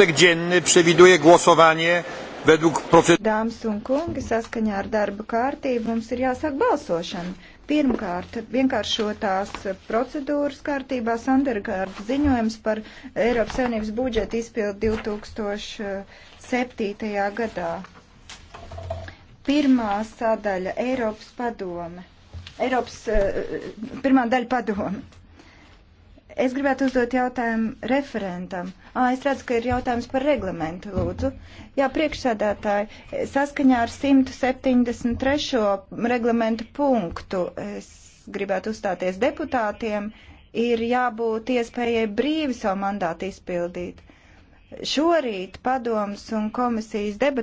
Porządek dzienny przewiduje głosowanie według procedury. Dāmas un kungi, saskaņā ar darba kārtību mums ir jāsāk balsošana. Pirmkārt, vienkāršotās procedūras kārtībā Sandergārda ziņojums par Eiropas Savienības budžetu izpildu 2007. gadā. Pirmā sadaļa Eiropas padome. Eiropas, eh, pirmā daļa padome. Es gribētu uzdot jautājumu referentam. Ā, es redzu, ka ir jautājums par reglamentu, lūdzu. Jā, priekšsādātāji, saskaņā ar 173. reglamentu punktu es gribētu uzstāties deputātiem, ir jābūt iespējai brīvi savu mandātu izpildīt. Šorīt padoms un komisijas debatē.